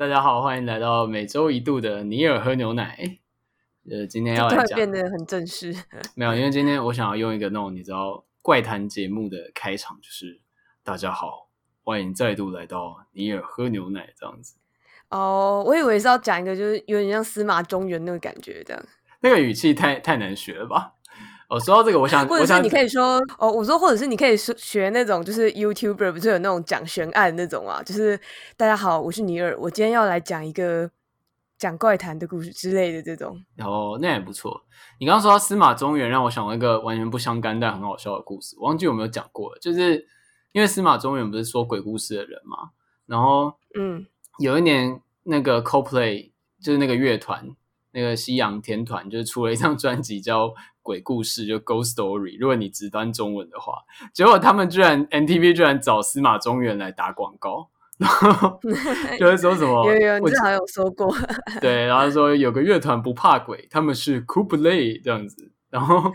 大家好，歡迎來到每周一度的尼爾喝牛奶。呃，今天要來講很快變得很正式，沒有，因為今天我想要用一個那種你知道怪談節目的開場，就是大家好，歡迎再度來到尼爾喝牛奶這樣子。哦，我以為是要講一個，就是有點像司馬中原那個感覺這樣。那個語氣太太難學了吧？哦，說到這個，我想，或者是你可以說，想哦，我說，或者是你可以學那種，就是 YouTuber 不是有那種講玄案那種啊？就是大家好，我是尼爾，我今天要來講一個講怪談的故事之類的這種。哦，那也不錯。你剛剛說到司馬中原，讓我想到一個完全不相干但很好笑的故事，我忘記有沒有講過了。就是因為司馬中原不是說鬼故事的人嘛？然後，嗯，有一年那個 CoPlay 就是那個樂團，那個夕洋甜團，就是出了一張專輯叫。鬼故事就 ghost story，如果你直翻中文的話，結果他們居然 N T V 居然找司馬中原來打廣告，然後就是說什麼，我之前有說過， 對，然後說有個樂團不怕鬼，他們是 cool play 這樣子，然後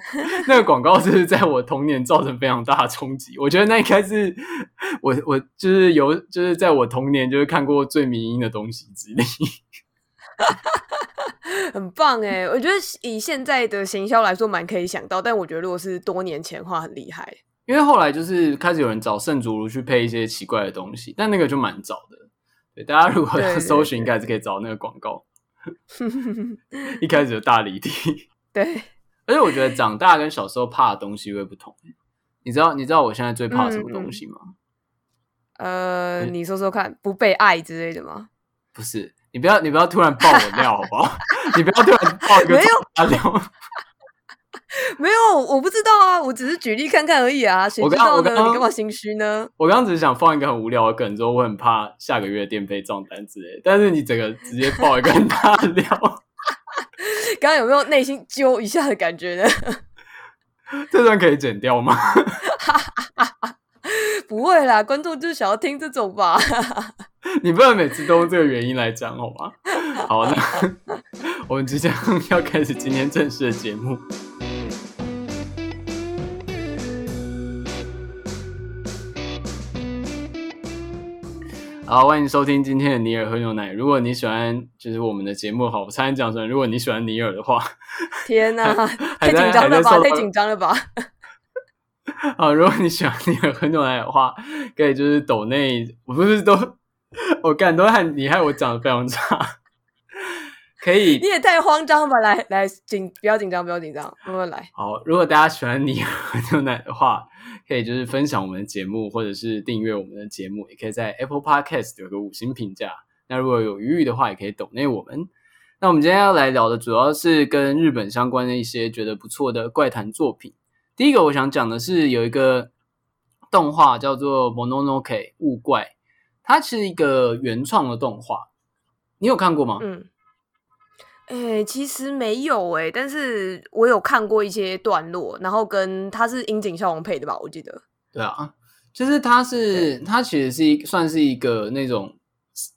那個廣告就是在我童年造成非常大的衝擊，我覺得那應該是我我就是有就是在我童年就是看過最迷因的東西之一。哈， 很棒哎！我覺得以現在的行銷來說，蠻可以想到。但我覺得如果是多年前的話，很厲害。因為後來就是開始有人找聖祖如去配一些奇怪的東西，但那個就蠻早的。對，大家如果要搜尋，應該是可以找那個廣告。對對對對 一開始有大離地， 對。而且我覺得長大跟小時候怕的東西會不同。你知道？你知道我現在最怕什麼東西嗎？嗯嗯、呃，且你說說看，不被愛之類的嗎？不是。你不要，你不要突然爆我料，好不好？ 你不要突然爆一個大料？沒有，沒有，我不知道啊，我只是舉例看看而已啊。誰知道呢？你幹嘛心虛呢？我剛我剛，我剛，我剛只是想放一個很無聊的梗，說我很怕下個月電費賬單之類。但是你整個直接爆一個大料，剛 剛有沒有內心揪一下的感覺呢？這段可以剪掉嗎？ 不會啦，觀眾就是想要聽這種吧。 你不要每次都用這個原因來講好吧？好，那 我們即將要開始今天正式的節目。 好，歡迎收聽今天的尼爾喝牛奶。如果你喜歡，就是我們的節目好。我差點講出來，如果你喜歡尼爾的話，天哪，還太緊張了吧？太緊張了吧？ 好，如果你喜歡尼爾喝牛奶的話，可以就是斗內，我不是都，我感覺都很你害我長得非常差。可以，你也太慌張吧？來來，緊不要緊張，不要緊張，慢慢來。好，如果大家喜歡尼爾喝牛奶的話，可以就是分享我們的節目，或者是訂閱我們的節目，也可以在 Apple Podcast 有個五星評價。那如果有餘裕的話，也可以斗內我們。那我們今天要來聊的主要是跟日本相關的一些覺得不錯的怪談作品。第一個我想講的是有一個動畫叫做《Mononoke 物怪》，它其實是一個原創的動畫，你有看過嗎？嗯，哎、欸，其實沒有哎、欸，但是我有看過一些段落，然後跟它是櫻井孝宏配的吧？我記得。對啊，就是它是對它其實是一算是一個那種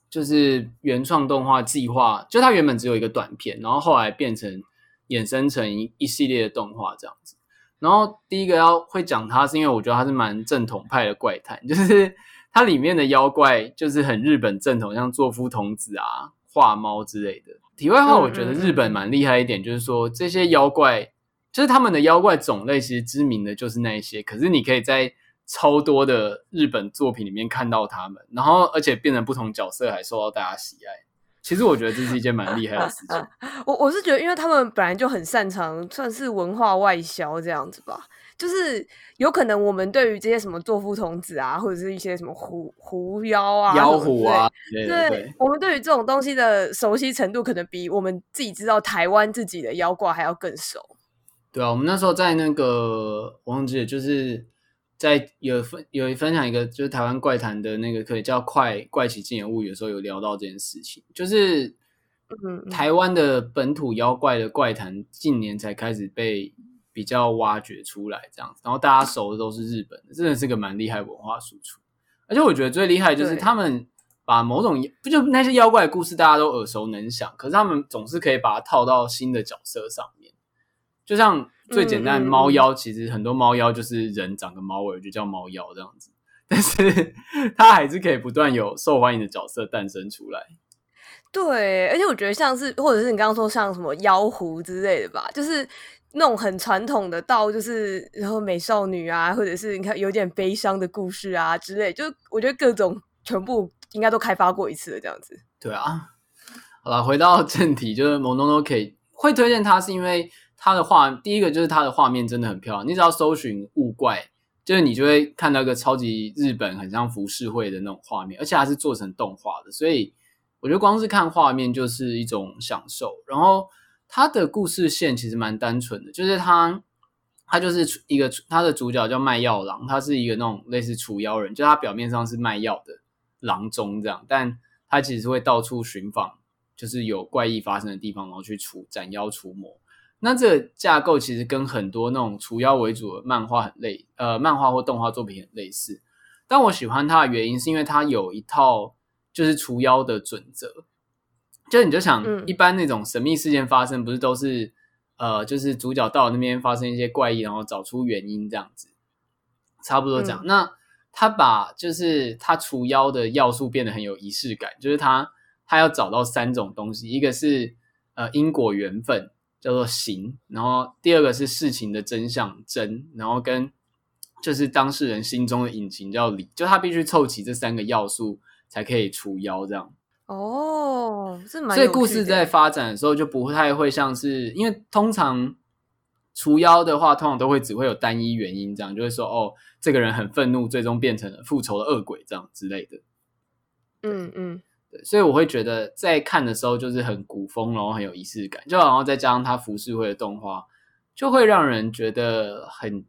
就是原創動畫計劃，就它原本只有一個短片，然後後來變成衍生成一一系列的動畫這樣子。然後第一個要會講它，是因為我覺得它是蠻正統派的怪談，就是它裡面的妖怪就是很日本正統，像座敷童子啊、化貓之類的。題外的話，我覺得日本蠻厲害一點，就是說這些妖怪，就是他們的妖怪種類其實知名的就是那一些，可是你可以在超多的日本作品裡面看到他們，然後而且變成不同角色還受到大家喜愛。其實我覺得這是一件蠻厲害的事情、 啊。我、啊、我是覺得，因為他們本來就很擅長，算是文化外銷這樣子吧。就是有可能我們對於這些什麼座敷童子啊，或者是一些什麼狐狐妖啊、妖狐啊，對，對，對，對，我們對於這種東西的熟悉程度，可能比我們自己知道台灣自己的妖怪還要更熟。對啊，我們那時候在那個王姐就是。在有分有一分享一個就是台灣怪談的那個可以叫《怪怪奇競演物語》的時候，有聊到這件事情，就是台灣的本土妖怪的怪談近年才開始被比較挖掘出來，這樣子。然後大家熟的都是日本的，真的是個蠻厲害的文化輸出。而且我覺得最厲害就是他們把某種不就那些妖怪的故事大家都耳熟能詳，可是他們總是可以把它套到新的角色上面，就像。最簡單，貓妖其實很多貓妖就是人長個貓尾就叫貓妖這樣子，但是它還是可以不斷有受歡迎的角色誕生出來。對，而且我覺得像是或者是你剛剛說像什麼妖狐之類的吧，就是那種很傳統的道，就是然後美少女啊，或者是你看有點悲傷的故事啊之類，就我覺得各種全部應該都開發過一次了這樣子。對啊，好了，回到正題，就是 Mononoke 會推薦它，是因為。他的畫，第一個就是他的畫面真的很漂亮。你只要搜尋《物怪》，就是你就會看到一個超級日本，很像浮世繪的那種畫面，而且還是做成動畫的。所以我覺得光是看畫面就是一種享受。然後他的故事線其實蠻單純的，就是他他就是一個他的主角叫賣藥郎，他是一個那種類似除妖人，就他表面上是賣藥的郎中這樣，但他其實會到處尋訪，就是有怪異發生的地方，然後去除，斬妖除魔。那這個架構其實跟很多那種除妖為主的漫畫很類，呃，漫畫或動畫作品很類似。但我喜歡它的原因是因為它有一套就是除妖的準則，就你就想，一般那種神秘事件發生，不是都是、嗯、呃，就是主角到那邊發生一些怪異，然後找出原因這樣子，差不多這樣。嗯、那他把就是他除妖的要素變得很有儀式感，就是他他要找到三種東西，一個是呃因果緣分。叫做行，然後第二個是事情的真相真，然後跟就是當事人心中的隱情叫理，就他必須湊齊這三個要素才可以除妖這樣。哦，這蠻的。所以故事在發展的時候就不太會像是，因為通常除妖的話，通常都會只會有單一原因這樣，就會說哦，這個人很憤怒，最終變成了復仇的惡鬼這樣之類的。嗯嗯。嗯對，所以我會覺得在看的時候就是很古風，然後很有儀式感，就然後再加上它服飾會的動畫，就會讓人覺得很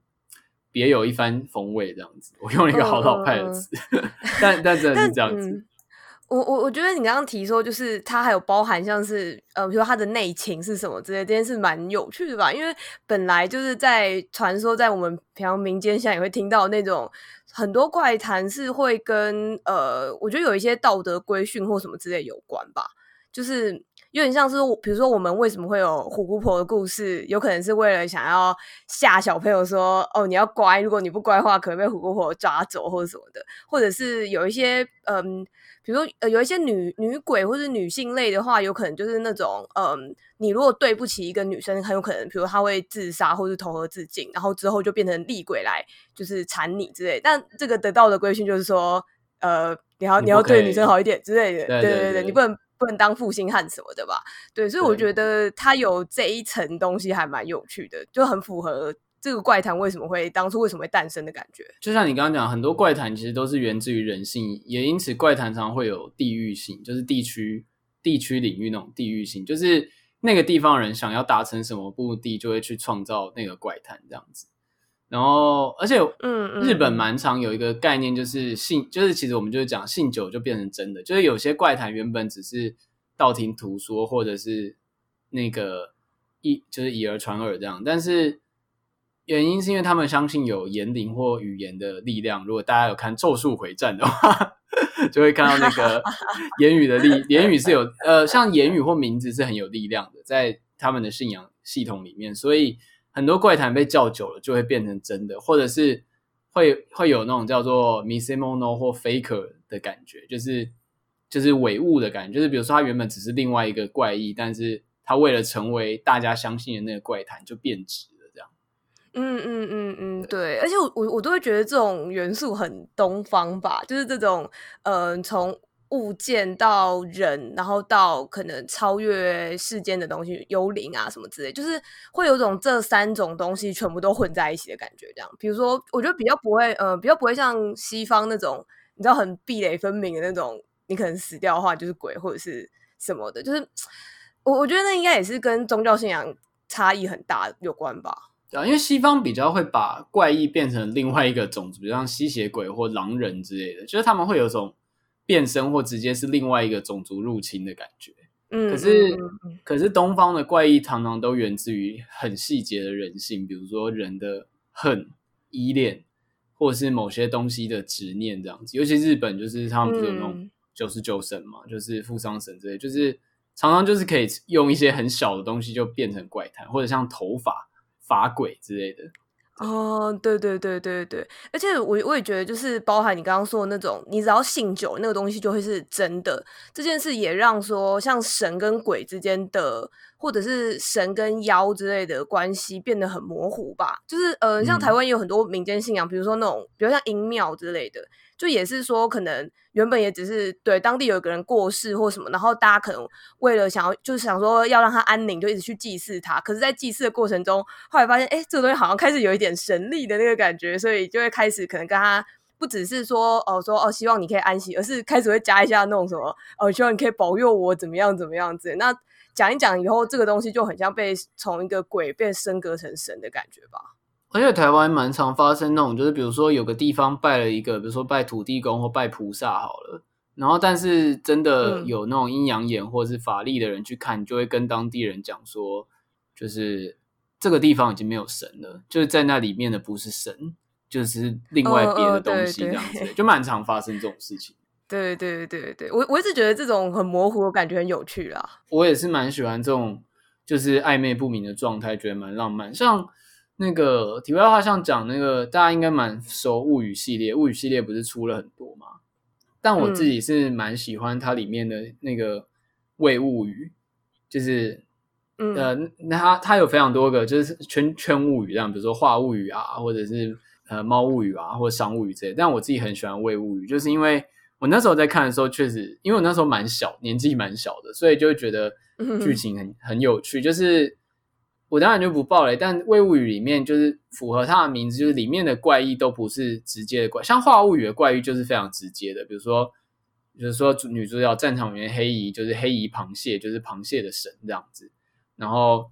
別有一番風味這樣子。我用了一個好老派的詞，uh, 但但真的是這樣子。嗯、我我我覺得你剛剛提說，就是它還有包含像是呃，比如說它的內情是什麼之類的，這件事蠻有趣的吧？因為本來就是在傳說，在我們平常民間下也會聽到那種。很多怪談是會跟呃，我覺得有一些道德規訓或什麼之類有關吧，就是。有點像是，比如說我們為什麼會有虎姑婆的故事？有可能是為了想要嚇小朋友說，說哦，你要乖，如果你不乖的話，可能被虎姑婆抓走或者什麼的。或者是有一些，嗯，比如說、呃、有一些女女鬼或者女性類的話，有可能就是那種，嗯，你如果對不起一個女生，很有可能，比如說她會自殺或者投河自盡，然後之後就變成厲鬼來就是纏你之類的。但這個得到的規訓就是說，呃，你，你要你，你要對女生好一點之類的。對，對對對，你不能。不能當負心漢什麼的吧？對，所以我覺得他有這一層東西還蠻有趣的，對就很符合這個怪談為什麼會，當初為什麼會誕生的感覺。就像你剛剛講，很多怪談其實都是源自於人性，也因此怪談常常會有地域性，就是地區地區領域那種地域性，就是那個地方人想要達成什麼目的，就會去創造那個怪談這樣子。然後，而且，嗯日本蠻常有一個概念，就是信，嗯嗯、就是其實我們就是講信久就變成真的，就是有些怪談原本只是道聽途說，或者是那個一就是以訛傳訛這樣，但是原因是因為他們相信有言靈或語言的力量。如果大家有看《咒術迴戰》的話， 就會看到那個言語的力， 言語是有呃，像言語或名字是很有力量的，在他們的信仰系統裡面，所以。很多怪談被叫久了，就會變成真的，或者是會會有那種叫做 Misemono 或 faker 的感覺，就是就是偽物的感覺，就是比如說他原本只是另外一個怪異，但是他為了成為大家相信的那個怪談，就變質了這樣。嗯嗯嗯嗯，對，對而且我我我都會覺得這種元素很東方吧，就是這種嗯從。呃從物件到人，然後到可能超越世間的東西，幽靈啊什麼之類，就是會有種這三種東西全部都混在一起的感覺。這樣，比如說，我覺得比較不會，呃，比較不會像西方那種，你知道很壁壘分明的那種。你可能死掉的話，就是鬼或者是什麼的，就是我我覺得那應該也是跟宗教信仰差異很大有關吧？對啊，因為西方比較會把怪異變成另外一個種族，比如像吸血鬼或狼人之類的，就是他們會有種。變身或直接是另外一個種族入侵的感覺。嗯，可是可是東方的怪異常常都源自於很細節的人性，比如說人的恨、依戀，或者是某些東西的執念這樣子。尤其日本，就是他們不是有那種九十九神嘛，嗯、就是付喪神之類的，就是常常就是可以用一些很小的東西就變成怪談，或者像頭髮、髮鬼之類的。哦，對對對對對，而且我我也覺得，就是包含你剛剛說的那種，你只要信酒那個東西就會是真的。這件事也讓說，像神跟鬼之間的。或者是神跟妖之類的關係變得很模糊吧，就是呃，像台灣也有很多民間信仰，嗯、比如說那種，比如像陰廟之類的，就也是說可能原本也只是對當地有一個人過世或什麼，然後大家可能為了想要就是想說要讓他安寧，就一直去祭祀他，可是，在祭祀的過程中，後來發現，哎、欸，這個、東西好像開始有一點神力的那個感覺，所以就會開始可能跟他。不只是說哦，說哦，希望你可以安息，而是開始會加一下那種什麼哦，希望你可以保佑我，怎麼樣，怎麼樣子？那講一講以後，這個東西就很像被從一個鬼變升格成神的感覺吧。而且台灣蠻常發生那種，就是比如說有個地方拜了一個，比如說拜土地公或拜菩薩好了，然後但是真的有那種陰陽眼或者是法力的人去看，嗯、就會跟當地人講說，就是這個地方已經沒有神了，就是在那裡面的不是神。就是另外別的東西這樣子，就蠻常發生這種事情。對對對對，我我一直覺得這種很模糊，感覺很有趣啊。我也是蠻喜歡這種就是曖昧不明的狀態，覺得蠻浪漫。像那個題外話，像講那個大家應該蠻熟物語系列，物語系列不是出了很多嘛？但我自己是蠻喜歡它裡面的那個偽物語，就是嗯，那它它有非常多個，就是圈圈物語這樣，比如說化物語啊，或者是。呃，貓物語啊，或者傷物語這些，但我自己很喜歡《偽物語》，就是因為我那時候在看的時候，確實，因為我那時候蠻小，年紀蠻小的，所以就會覺得劇情很、嗯、哼很有趣。就是我當然就不爆雷，但《偽物語》裡面就是符合他的名字，就是裡面的怪異都不是直接的怪，像《化物語》的怪異就是非常直接的，比如說，比、就、如、是、說女主角戰場原黑儀就是黑儀螃蟹，就是螃蟹的神這樣子。然後，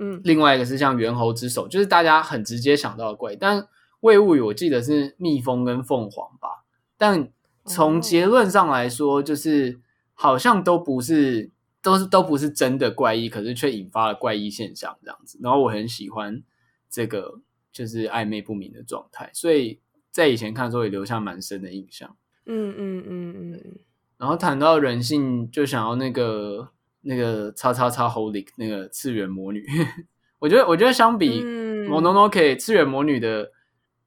嗯，另外一個是像猿猴之手，就是大家很直接想到的怪，但《未物語》我記得是蜜蜂跟鳳凰吧，但從結論上來說，就是好像都不是，都是都不是真的怪異，可是卻引發了怪異現象這樣子。然後我很喜歡這個，就是曖昧不明的狀態，所以在以前看的時候也留下蠻深的印象。嗯嗯嗯嗯。然後談到人性，就想要那個那個叉叉叉 HOLIC 那個次元魔女， 我覺得我覺得相比 Mononoke 次元魔女的。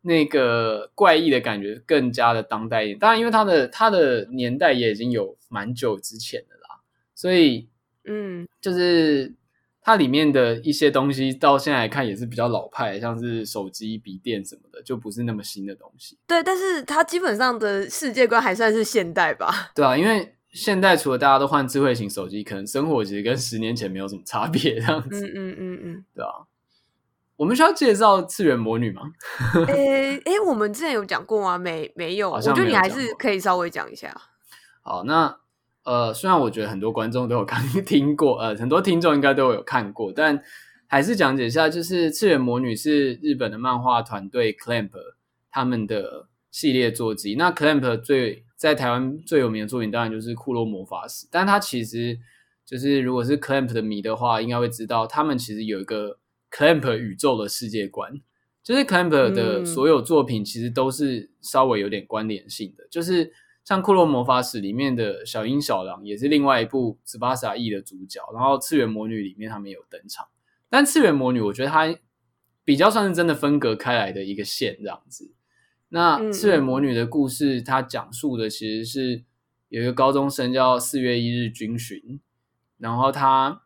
那個怪異的感覺更加的當代一點，當然因為它的它的年代也已經有蠻久之前的啦，所以嗯，就是它裡面的一些東西到現在來看也是比較老派，像是手機、筆電什麼的，就不是那麼新的東西。對，但是它基本上的世界觀還算是現代吧？對啊，因為現代除了大家都換智慧型手機，可能生活其實跟十年前沒有什麼差別這樣子。嗯嗯嗯嗯，嗯嗯嗯對啊。我們需要介紹次元魔女嗎？ 誒誒，我們之前有講過嗎、啊？沒，沒有。沒有，我覺得你還是可以稍微講一下。好，那呃，雖然我覺得很多觀眾都有剛聽過，呃，很多聽眾應該都有看過，但還是講解一下。就是次元魔女是日本的漫畫團隊 clamp 他們的系列作集。那 clamp 最在台灣最有名的作品，當然就是庫洛魔法使。但他其實就是，如果是 clamp 的迷的話，應該會知道他們其實有一個。CLAMP 宇宙的世界觀，就是 CLAMP 的所有作品其實都是稍微有點關聯性的，嗯、就是像《庫洛魔法使》裡面的小櫻、小狼也是另外一部《Tsubasa 翼》的主角，然後《次元魔女》裡面他們有登場，但《次元魔女》我覺得它比較算是真的分隔開來的一個線這樣子。那《次元魔女》的故事，它講述的其實是有一個高中生叫四月一日君尋，然後他。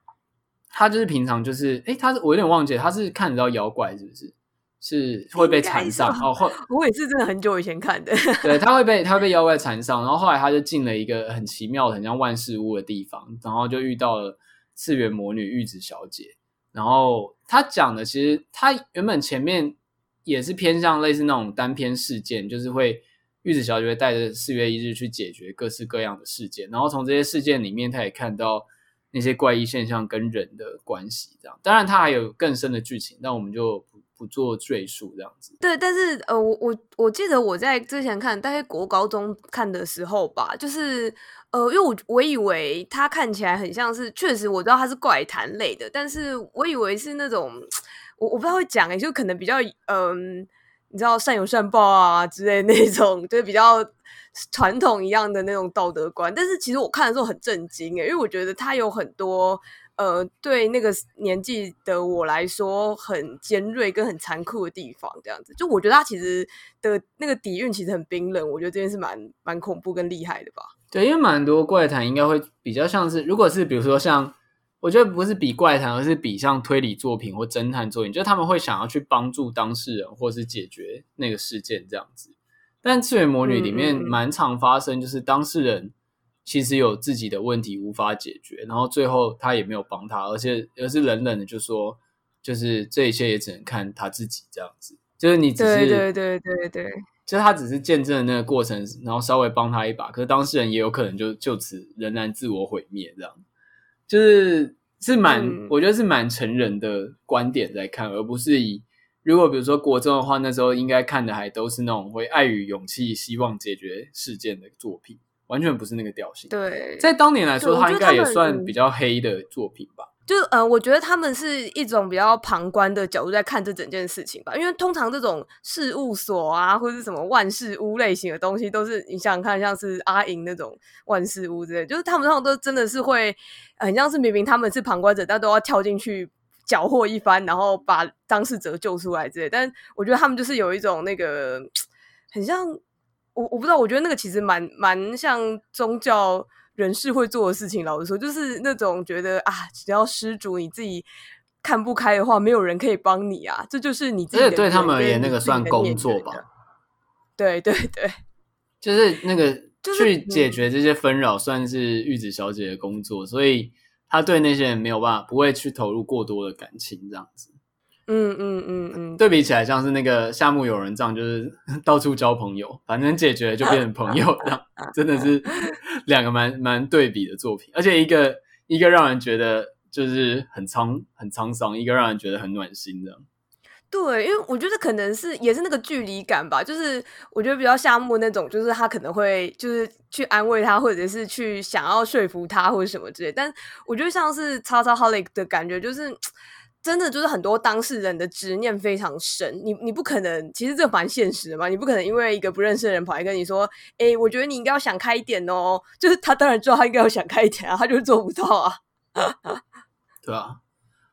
他就是平常就是，誒，他是我有點忘記，他是看得到妖怪是不是？是會被纏上，哦、哎，後後我也是真的很久以前看的。 對，他會被他會被妖怪纏上，然後後來他就進了一個很奇妙的、很像萬事屋的地方，然後就遇到了次元魔女玉子小姐。然後他講的其實他原本前面也是偏向類似那種單篇事件，就是會玉子小姐會帶着四月一日去解決各式各樣的事件，然後從這些事件裡面，他也看到。那些怪異現象跟人的關係這樣，當然它還有更深的劇情，那我們就不做贅述這樣子。對，但是呃，我我我記得我在之前看在國高中看的時候吧，就是呃，因為我我以為它看起來很像是，確實我知道它是怪談類的，但是我以為是那種我我不太會講欸，就可能比較嗯，你知道善有善報啊之類的那種，就是比較。傳統一樣的那種道德觀，但是其實我看的時候很震驚誒、欸，因為我覺得他有很多呃，對那個年紀的我來說很尖銳跟很殘酷的地方，這樣子。就我覺得他其實的那個底蘊其實很冰冷，我覺得這件事蠻蠻恐怖跟厲害的吧。對，因為蠻多怪談應該會比較像是，如果是比如說像，我覺得不是比怪談，而是比像推理作品或偵探作品，就他們會想要去幫助當事人或是解決那個事件這樣子。但《次元魔女》裡面蠻常發生，就是當事人其實有自己的問題無法解決，嗯、然後最後他也沒有幫他，而且而是冷冷的就說：“就是這一切也只能看他自己。”這樣子，就是你只是對對對對對，就是他只是見證那個過程，然後稍微幫他一把，可是當事人也有可能就就此仍然自我毀滅，這樣就是是蠻、嗯、我覺得是蠻成人的觀點在看，而不是以。如果比如說國中的話，那時候應該看的還都是那種會愛與勇氣、希望解決事件的作品，完全不是那個調性。對，在當年來說，它應該也算比較黑的作品吧。就嗯、呃，我覺得他們是一種比較旁觀的角度在看這整件事情吧。因為通常這種事務所啊，或是什麼萬事屋類型的東西，都是你想看，像是阿銀那種萬事屋之類的，就是他們那種都真的是會很像是明明他們是旁觀者，但都要跳進去，攪和一番，然後把當事者救出來之類，但我覺得他們就是有一種那個，很像我我，不知道，我覺得那個其實蠻蠻像宗教人士會做的事情。老實說，就是那種覺得啊，只要施主你自己看不開的話，沒有人可以幫你啊，這就是你自己的。這、欸、對他們而言，跟那個算工作吧？對對對，對對就是那個、就是、去解決這些紛擾，算是玉子小姐的工作，嗯、所以。他對那些人沒有辦法，不會去投入過多的感情，這樣子。嗯嗯嗯嗯。嗯嗯嗯對比起來，像是那個夏目友人帳，就是到處交朋友，反正解決了就變成朋友，這樣真的是兩個蠻蠻對比的作品。而且一個一個讓人覺得就是很滄很滄桑，一個讓人覺得很暖心的。對，因為我覺得可能是也是那個距離感吧，就是我覺得比較夏目那種，就是他可能會就是去安慰他，或者是去想要說服他或者什麼之類的。但我覺得像是 XXX HOLIC 的感覺，就是真的就是很多當事人的執念非常深。你你不可能，其實這蠻現實的嘛，你不可能因為一個不認識的人跑來跟你說，哎，我覺得你應該要想開一點哦。就是他當然知道他應該要想開一點啊，他就做不到啊。 對啊，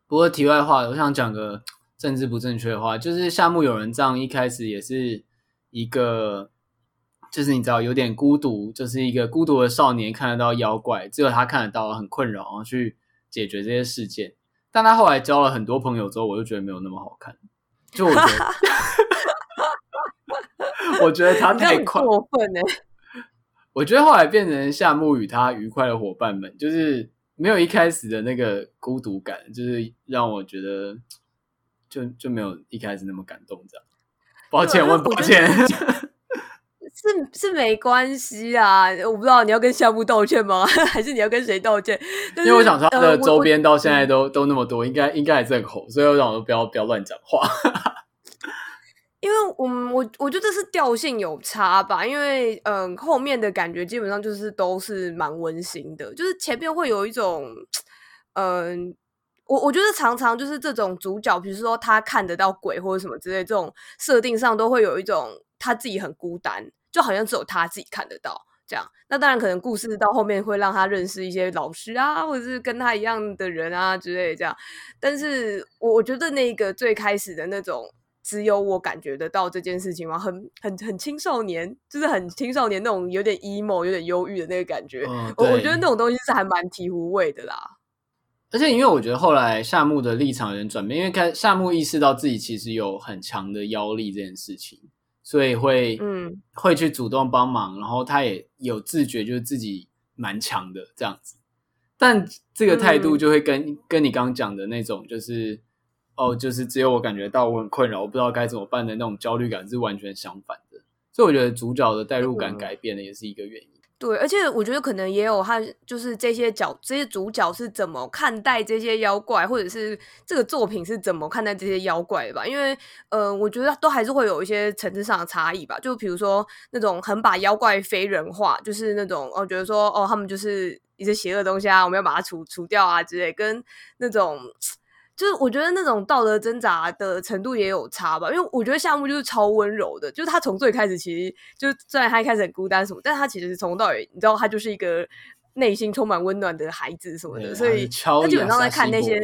不過題外話的，我想講個。政治不正確的話，就是夏目友人帳一開始也是一個，就是你知道有點孤獨，就是一個孤獨的少年看得到妖怪，只有他看得到，很困擾，然後去解決這些事件。但他後來交了很多朋友之後，我就覺得沒有那麼好看。就我覺得， 我覺得他太快了，過分欸。我覺得後來變成夏目與他愉快的夥伴們，就是沒有一開始的那個孤獨感，就是讓我覺得。就就沒有一開始那麼感動，這樣。抱歉，很對抱歉。就是是，是沒關係啊，我不知道你要跟項目道歉嗎？還是你要跟誰道歉？因為我想他的周邊到現在都都那麼多，應該應該還在火，所以讓我想不要不要亂講話。因為我我我覺得這是調性有差吧，因為嗯，後面的感覺基本上就是都是蠻溫馨的，就是前面會有一種嗯。我我覺得常常就是這種主角，比如說他看得到鬼或者什麼之類，這種設定上都會有一種他自己很孤單，就好像只有他自己看得到這樣。那當然可能故事到後面會讓他認識一些老師啊，或者是跟他一樣的人啊之類的這樣。但是我我覺得那個最開始的那種，只有我感覺得到這件事情嘛、啊，很很很青少年，就是很青少年那種有點 emo 有點憂鬱的那個感覺。我、嗯、我覺得那種東西是還蠻醍醐味的啦。而且，因為我覺得後來夏目的立場有點轉變，因為看夏目意識到自己其實有很強的妖力這件事情，所以會嗯會去主動幫忙，然後他也有自覺，就是自己蠻強的這樣子。但這個態度就會跟、嗯、跟你剛剛講的那種，就是哦，就是只有我感覺到我很困擾，我不知道該怎麼辦的那種焦慮感是完全相反的。所以我覺得主角的代入感改變了，也是一個原因。嗯對，而且我覺得可能也有他就是這些角、這些主角是怎麼看待這些妖怪，或者是這個作品是怎麼看待這些妖怪的吧。因為，呃，我覺得都還是會有一些層次上的差異吧。就比如說那種很把妖怪非人化，就是那種我、哦、覺得說哦，他們就是一些邪惡東西啊，我們要把它除除掉啊之類，跟那種。就是我覺得那種道德掙扎的程度也有差吧，因為我覺得夏目就是超溫柔的，就是他從最開始其實就雖然他一開始很孤單什麼，但他其實是從頭到尾，你知道他就是一個內心充滿溫暖的孩子什麼的，啊、所以他基本上在看那些，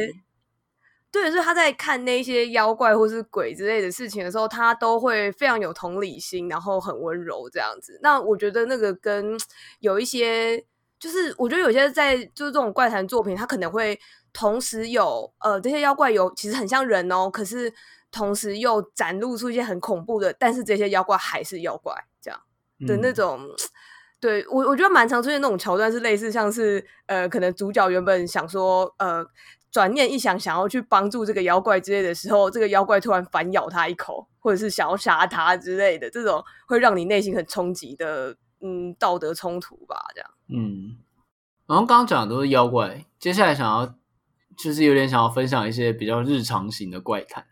對，所以他在看那些妖怪或是鬼之類的事情的時候，他都會非常有同理心，然後很溫柔這樣子。那我覺得那個跟有一些，就是我覺得有些在就是這種怪談作品，他可能會。同時有呃，這些妖怪有其實很像人哦，可是同時又展露出一些很恐怖的。但是這些妖怪還是妖怪，這樣、嗯、的那種，對我我覺得蠻常出現那種橋段，是類似像是呃，可能主角原本想說呃，轉念一想想要去幫助這個妖怪之類的時候，這個妖怪突然反咬他一口，或者是想要殺他之類的，這種會讓你內心很衝擊的，嗯，道德衝突吧，這樣，嗯，然後剛剛講的都是妖怪，接下來想要。就是有點想要分享一些比較日常型的怪談，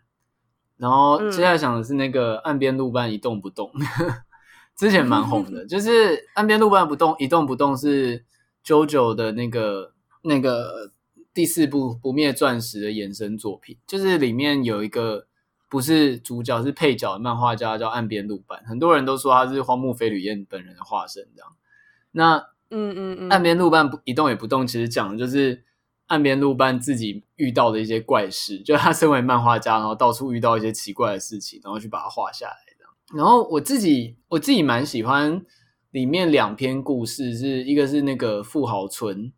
然後接下來想的是那個岸邊露伴一動不動，嗯、 之前蠻紅的，就是岸邊露伴不動一動不動是 JoJo jo 的那個那個第四部不滅鑽石的延伸作品，就是裡面有一個不是主角是配角的漫畫家叫岸邊露伴，很多人都說他是荒木飛呂彥本人的化身這樣。那嗯嗯嗯，岸邊露伴不一動也不動，其實講的就是。岸邊露伴自己遇到的一些怪事，就他身為漫畫家，然後到處遇到一些奇怪的事情，然後去把它畫下來的。然後我自己我自己蠻喜歡裡面兩篇故事，是一個是那個富豪村，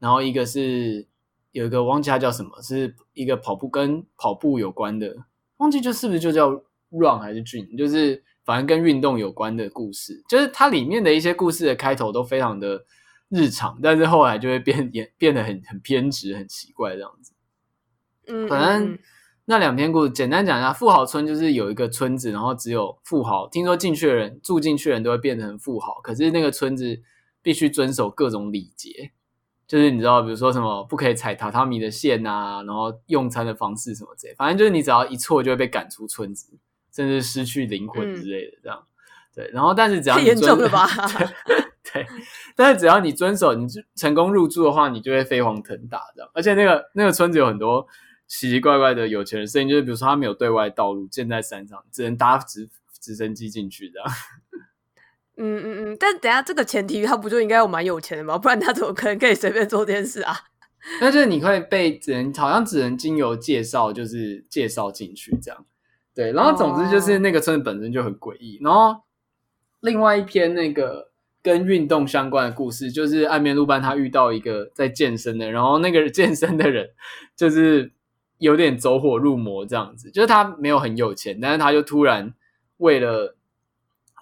然後一個是有一個忘記他叫什麼，是一個跑步跟跑步有關的，忘記就是，是不是就叫 run 還是 dream，就是反正跟運動有關的故事，就是它裡面的一些故事的開頭都非常的。日常，但是後來就會變變變得很很偏執，很奇怪這樣子。嗯，嗯，嗯，反正那兩篇故事，簡單講一下。富豪村就是有一個村子，然後只有富豪，聽說進去的人住進去的人都會變成富豪。可是那個村子必須遵守各種禮節，就是你知道，比如說什麼不可以踩榻，榻榻米的線啊，然後用餐的方式什麼之類，反正就是你只要一錯就會被趕出村子，甚至失去靈魂之類的這樣。嗯對，然後但是只要你遵，太嚴重了吧 對？對，但是只要你遵守，你成功入住的話，你就會飛黃騰達的。而且那個那個村子，有很多奇奇怪怪的有錢人，生意就是比如說他沒有對外道路，建在山上，只能搭直直升機進去這樣。嗯嗯嗯，但等下這個前提，他不就應該要蠻有錢的嗎？不然他怎麼可能可以隨便做這件事啊？那就是你會被只能好像只能經由介紹，就是介紹進去這樣。對，然後總之就是那個村子本身就很詭異，哦、然後。另外一篇那個跟運動相關的故事，就是《岸邊露伴》他遇到一個在健身的，然後那個健身的人就是有點走火入魔這樣子，就是他沒有很有錢，但是他就突然為了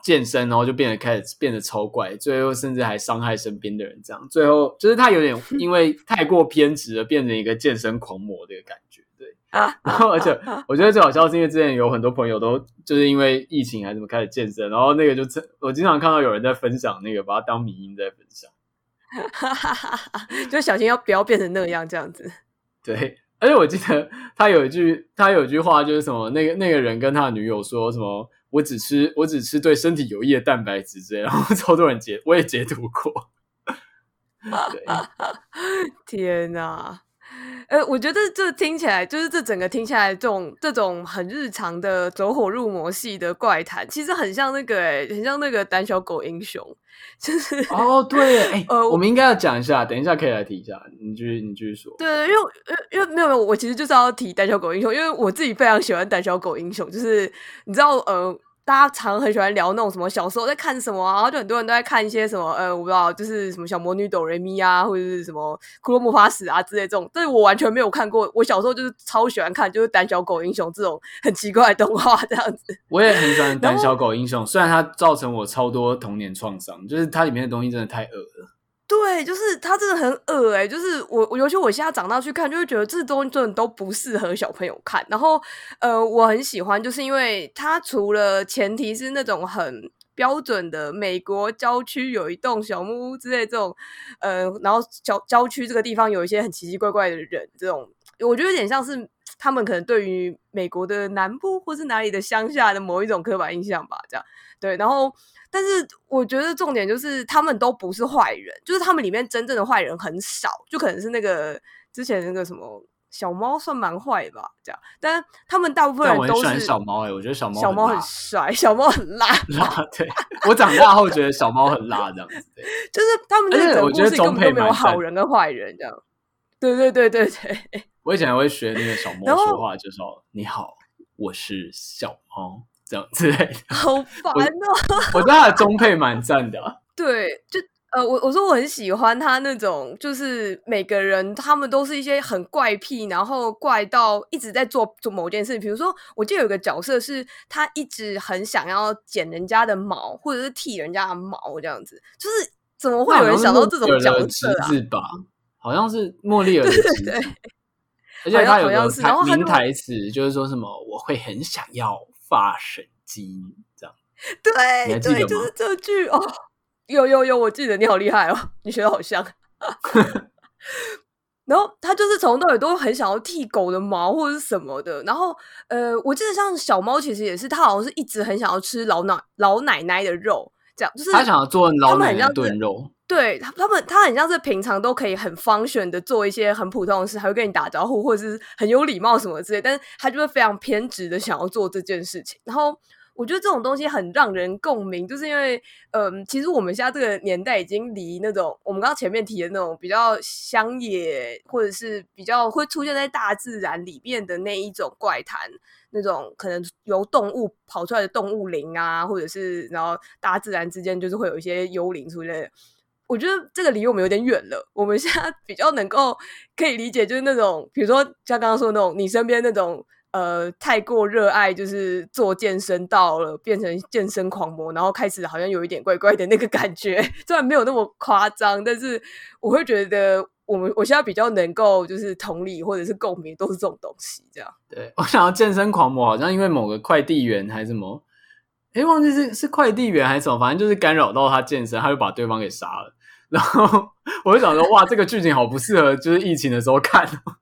健身，然後就變得開始變得超怪，最後甚至還傷害身邊的人，這樣最後就是他有點因為太過偏執而變成一個健身狂魔的一個感覺。啊， 然後而且、啊啊、我覺得最好笑是因為之前有很多朋友都就是因為疫情還是什麼開始健身，然後那個就我經常看到有人在分享，那個把它當迷因在分享， 就小心要不要變成那樣這樣子。對，而且我記得他有一句，他有一句話就是什麼，那個那個人跟他的女友說什麼，我只吃，我只吃對身體有益的蛋白質之類，然後超多人截，我也截圖過。 對啊啊、天哪、啊！呃，我覺得這聽起來，就是這整個聽起來，這種這種很日常的走火入魔系的怪談，其實很像那個誒，誒很像那個膽小狗英雄，就是哦，對，呃，我，我們應該要講一下，等一下可以來提一下，你繼續，你繼續說，對，因為，呃，因為沒有沒有，我其實就是要提膽小狗英雄，因為我自己非常喜歡膽小狗英雄，就是你知道，呃。大家常很喜歡聊那種什麼小時候在看什麼，啊，然後就很多人都在看一些什麼，呃，我不知道，就是什麼小魔女哆瑞咪啊，或者是什麼庫洛魔法使啊之類這種，但是我完全沒有看過。我小時候就是超喜歡看，就是膽小狗英雄這種很奇怪的動畫這樣子。我也很喜歡膽小狗英雄，然後雖然它造成我超多童年創傷，就是它裡面的東西真的太惡了。對，就是他真的很噁哎、欸，就是我，我，尤其我現在長大去看，就會覺得這東西真的都不適合小朋友看。然後，呃，我很喜歡，就是因為他除了前提是那種很標準的美國郊區有一棟小木屋之類這種，呃，然後郊郊區這個地方有一些很奇奇怪怪的人這種，我覺得有點像是。他們可能對於美國的南部或是哪裡的鄉下的某一種刻板印象吧，這樣。對，然後，但是我覺得重點就是他們都不是壞人，就是他們裡面真正的壞人很少，就可能是那個之前那個什麼小貓算蠻壞吧，這樣。但他們大部分人都是小貓哎，我覺得小貓小貓很帥，小貓很，很辣。辣。對，我長大後覺得小貓很辣，這樣子。對。就是他們這個我覺得根本就沒有好人跟壞人這樣。對對對對對，對。我以前會學那個小貓說話，就說“後你好，我是小貓”這樣子。好煩喔」好煩哦！我覺得他的中配蠻讚的， 對，就呃，我我說我很喜歡他那種，就是每個人他們都是一些很怪癖，然後怪到一直在做做某件事。比如說，我記得有一個角色是他一直很想要剪人家的毛，或者是剃人家的毛，這樣子，就是怎麼會有人想到這種角色啊？好像是莫莉爾的侄子吧？好像是莫莉爾的侄子 而且他有個名台詞就是說什麼我會很想要發神經這樣。對，你還記得嗎？對，就是這句哦！有有有，我記得，你好厲害哦，你學的好像。 然後他就是從頭到尾都很想要剃狗的毛或者是什麼的。然後呃，我記得像小貓其實也是，他好像是一直很想要吃老奶老奶奶的肉，這樣就是他想要做老奶奶燉肉。對他，他們他很像是平常都可以很方選的做一些很普通的事，還會跟你打招呼，或者是很有禮貌什麼之類的。但是他就會非常偏執的想要做這件事情。然後我覺得這種東西很讓人共鳴，就是因為嗯、呃，其實我們現在這個年代已經離那種我們剛剛前面提的那種比較鄉野，或者是比較會出現在大自然裡面的那一種怪談，那種可能由動物跑出來的動物靈啊，或者是然後大自然之間就是會有一些幽靈出現。我覺得這個離我們有點遠了。我們現在比較能夠可以理解，就是那種比如說像剛剛說那種你身邊那種呃太過熱愛，就是做健身到了變成健身狂魔，然後開始好像有一點怪怪的那個感覺。雖然沒有那麼誇張，但是我會覺得我們我現在比較能夠就是同理或者是共鳴都是這種東西。這樣。對，我想要健身狂魔好像因為某個快遞員還是什麼，哎、欸，忘記是是快遞員還是什麼，反正就是干擾到他健身，他就把對方給殺了。 然後我就想說，哇，這個劇情好不適合，就是疫情的時候看，喔。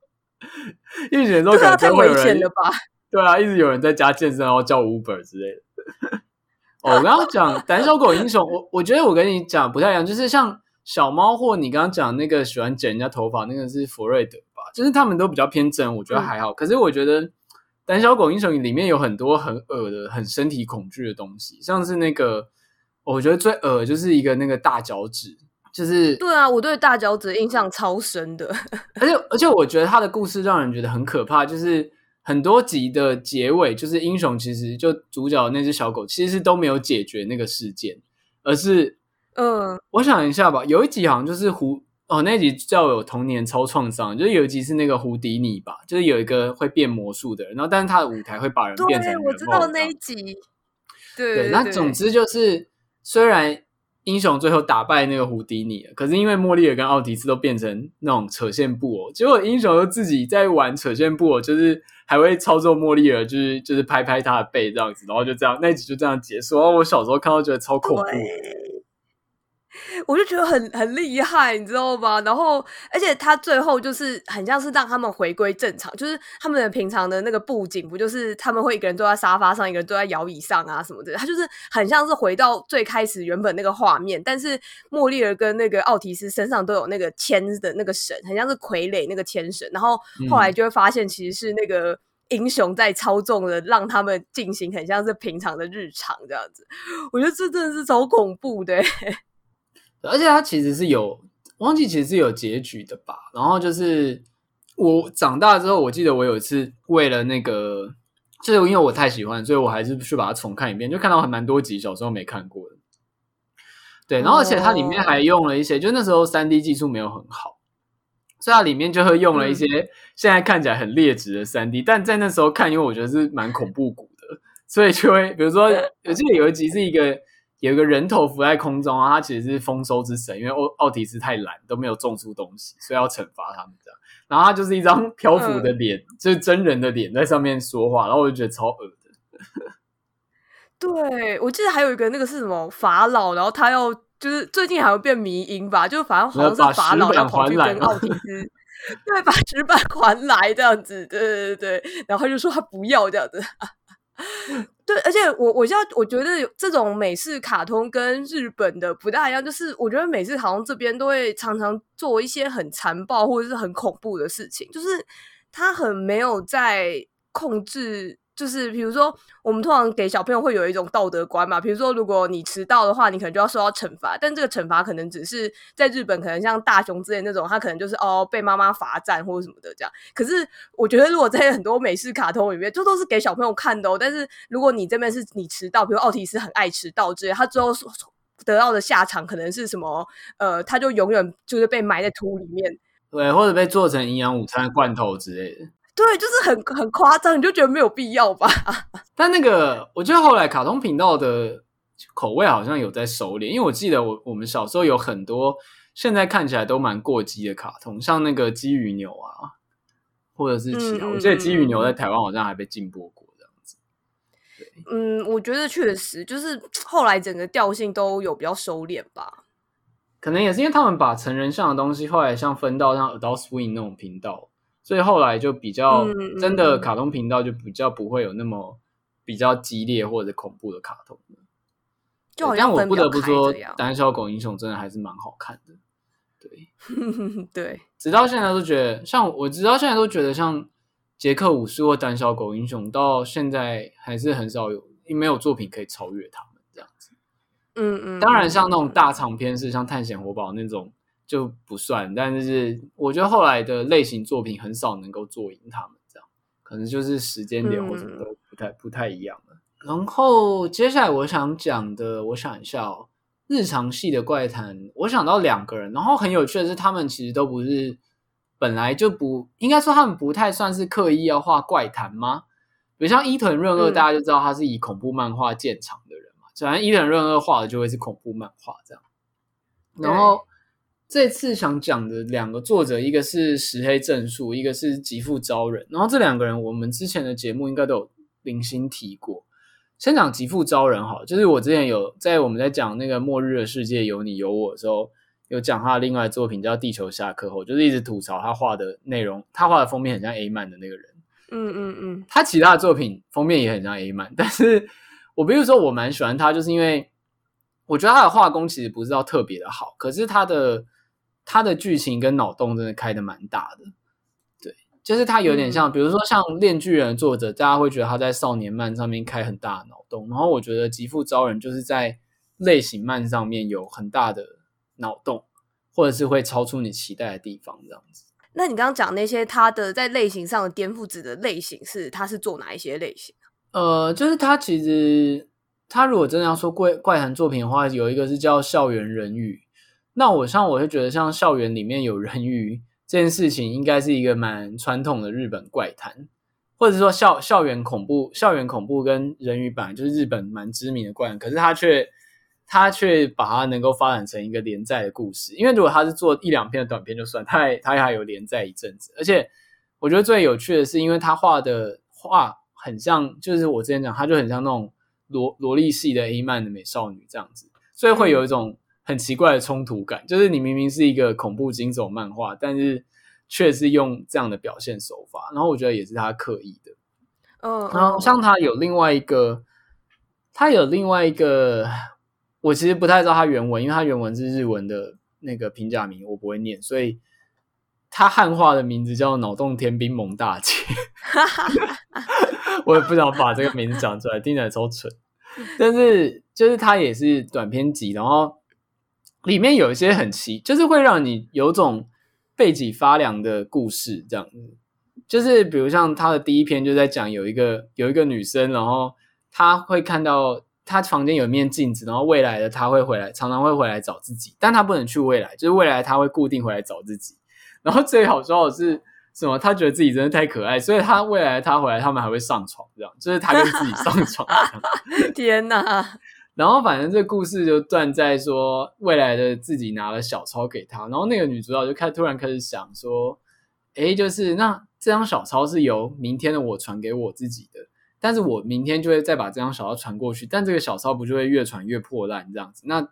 疫情的時候可能有人，啊、太危險了吧？對啊，一直有人在家健身，然後叫 Uber 之類的。 哦，我剛講《膽小狗英雄》我，我我覺得我跟你講不太一樣，就是像小貓或你剛剛講那個喜歡剪人家頭髮那個是佛瑞德吧？就是他們都比較偏真，我覺得還好。嗯、可是我覺得《膽小狗英雄》裡面有很多很惡的、很身體恐懼的東西，像是那個我覺得最惡就是一個那個大腳趾。就是對啊，我對大腳趾印象超深的，而且而且我覺得他的故事讓人覺得很可怕，就是很多集的結尾，就是英雄其實就主角那只小狗其實都沒有解決那個事件，而是嗯，我想一下吧，有一集好像就是胡哦，那集叫有童年超創傷，就是有一集是那個胡迪尼吧，就是有一個會變魔術的人，然後但是他的舞台會把人變成我知道那一集，對，那總之就是雖然。英雄最後打敗那個胡迪尼了，可是因為茉莉爾跟奧迪斯都變成那種扯線布偶、喔，結果英雄又自己在玩扯線布偶、喔，就是還會操作茉莉爾，就是就是拍拍他的背這樣子，然後就這樣，那一集就這樣結束。然後我小時候看到覺得超恐怖。我就覺得很很厲害，你知道嗎？然後，而且他最後就是很像是讓他們回歸正常，就是他們的平常的那個布景，不就是他們會一個人坐在沙發上，一個人坐在搖椅上啊什麼的？他就是很像是回到最開始原本那個畫面。但是，莫莉兒跟那個奧提斯身上都有那個牽的那個繩，很像是傀儡那個牽繩。然後後來就會發現，其實是那個英雄在操縱的，讓他們進行很像是平常的日常這樣子。我覺得這真的是超恐怖的。而且它其實是有，我忘記其實是有結局的吧。然後就是我長大之後，我記得我有一次為了那個，就是因為我太喜歡，所以我還是去把它重看一遍，就看到很蠻多集小時候沒看過的。對，然後而且它裡面還用了一些，哦，就那時候三 D 技術沒有很好，所以它裡面就會用了一些現在看起來很劣質的三 D，嗯，但在那時候看，因為我覺得是蠻恐怖谷的，所以就會比如說我記得有一集是一個。有一個人頭浮在空中啊，他其實是豐收之神，因為奧奧迪斯太懶都沒有種出東西，所以要懲罰他們這樣。然後他就是一張漂浮的臉，嗯、就是真人的臉在上面說話，然後我就覺得超噁的。對，我記得還有一個那個是什麼法老，然後他要就是最近好像變迷因吧，就反正好像，好像是法老要跑去跟奧迪斯 對，把石板還來這樣子，對對對，然後他就說他不要這樣子。嗯、對，而且我，我就，我覺得這種美式卡通跟日本的不大一樣，就是我覺得美式卡通這邊都會常常做一些很殘暴或者是很恐怖的事情，就是他很沒有在控制。就是比如說，我們通常給小朋友會有一種道德觀嘛，比如說，如果你遲到的話，你可能就要受到懲罰。但這個懲罰可能只是在日本，可能像大雄之類那種，他可能就是哦，被媽媽罰站或者什麼的這樣。可是我覺得，如果在很多美式卡通裡面，這都是給小朋友看的哦。但是如果你這邊是你遲到，比如奧提斯很愛遲到之類，他最後得到的下場可能是什麼？呃，他就永遠就是被埋在土裡面，對，或者被做成營養午餐罐頭之類的。對，就是很很誇張，你就覺得沒有必要吧？但那個，我覺得後來卡通頻道的口味好像有在收斂，因為我記得我我們小時候有很多，現在看起來都蠻過激的卡通，像那個《雞與牛》啊，或者是其他，嗯、我記得《雞與牛》在台灣好像還被禁播過這樣子。嗯，我覺得確實就是後來整個調性都有比較收斂吧，可能也是因為他們把成人向的東西後來像分到像 Adult Swim 那種頻道。所以後來就比較真的卡通頻道就比較不會有那麼比較激烈或者恐怖的卡通的，但我不得不說，膽小狗英雄真的還是蠻好看的。對，對，直到現在都覺得像我直到現在都覺得像傑克武士或膽小狗英雄，到現在還是很少有，因為沒有作品可以超越他們這樣子。嗯嗯，當然像那種大長篇是像探險活寶那種，就不算，但是我覺得後來的類型作品很少能夠做贏他們這樣，可能就是時間點或者什麼都不太、嗯、不太一樣了。然後接下來我想講的，我想一下哦，日常系的怪談，我想到兩個人，然後很有趣的是，他們其實都不是本來就不應該說他們不太算是刻意要畫怪談嗎？比如像伊藤潤二，嗯、大家就知道他是以恐怖漫畫見長的人嘛，反正伊藤潤二畫的就會是恐怖漫畫這樣，然後。嗯這次想講的兩個作者，一個是石黑正數，一個是吉富昭仁。然後這兩個人，我們之前的節目應該都有零星提過。先講吉富昭仁好了，就是我之前有在我們在講那個末日的世界有你有我的，的時候，有講他的另外的作品叫《地球下課後》，就是一直吐槽他畫的內容，他畫的封面很像 A 漫的那個人。嗯嗯嗯，嗯嗯他其他的作品封面也很像 A 漫，但是我比如說我蠻喜歡他，就是因為我覺得他的畫工其實不是到特別的好，可是他的。他的劇情跟腦洞真的開的蠻大的，對，就是他有點像，嗯、比如說像《鏈鋸人》作者，大家會覺得他在少年漫上面開很大的腦洞，然後我覺得吉富昭仁就是在類型漫上面有很大的腦洞，或者是會超出你期待的地方這樣子。那你剛剛講那些他的在類型上的顛覆值的類型是他是做哪一些類型啊？呃，就是他其實他如果真的要說怪怪談作品的話，有一個是叫《校園人魚》。那我像我就覺得，像校園裡面有人魚這件事情，應該是一個蠻傳統的日本怪談，或者是說校校園恐怖，校園恐怖跟人魚本來就是日本蠻知名的怪談，可是他卻他卻把它能夠發展成一個連載的故事。因為如果他是做一兩篇的短篇就算，他還他還有連載一陣子。而且我覺得最有趣的是，因為他畫的畫很像，就是我之前講，他就很像那種蘿蘿莉系的 A 漫的美少女這樣子，所以會有一種。很奇怪的衝突感，就是你明明是一個恐怖驚悚漫畫，但是卻是用這樣的表現手法。然後我覺得也是他刻意的。嗯，oh, 然後像他有另外一個，oh. 他有另外一個，我其實不太知道他原文，因為他原文是日文的那個平假名，我不會念，所以他漢化的名字叫“腦洞天兵萌大姐”。 我也不想把這個名字講出來，聽起來超蠢。但是就是他也是短篇集，然後。裡面有一些很奇，就是會讓你有種背脊發涼的故事，這樣，就是比如像他的第一篇就在講有一個有一個女生，然後她會看到她房間有一面鏡子，然後未來的她會回來，常常會回來找自己，但她不能去未來，就是未來她會固定回來找自己。然後最好笑的是什麼？她覺得自己真的太可愛，所以她未來的她回來，她們還會上床，這樣，就是她跟自己上床這樣。 天哪！然後反正這故事就斷在說，未來的自己拿了小抄給他，然後那個女主角就開突然開始想說，哎，就是那這張小抄是由明天的我傳給我自己的，但是我明天就會再把這張小抄傳過去，但這個小抄不就會越傳越破爛這樣子？那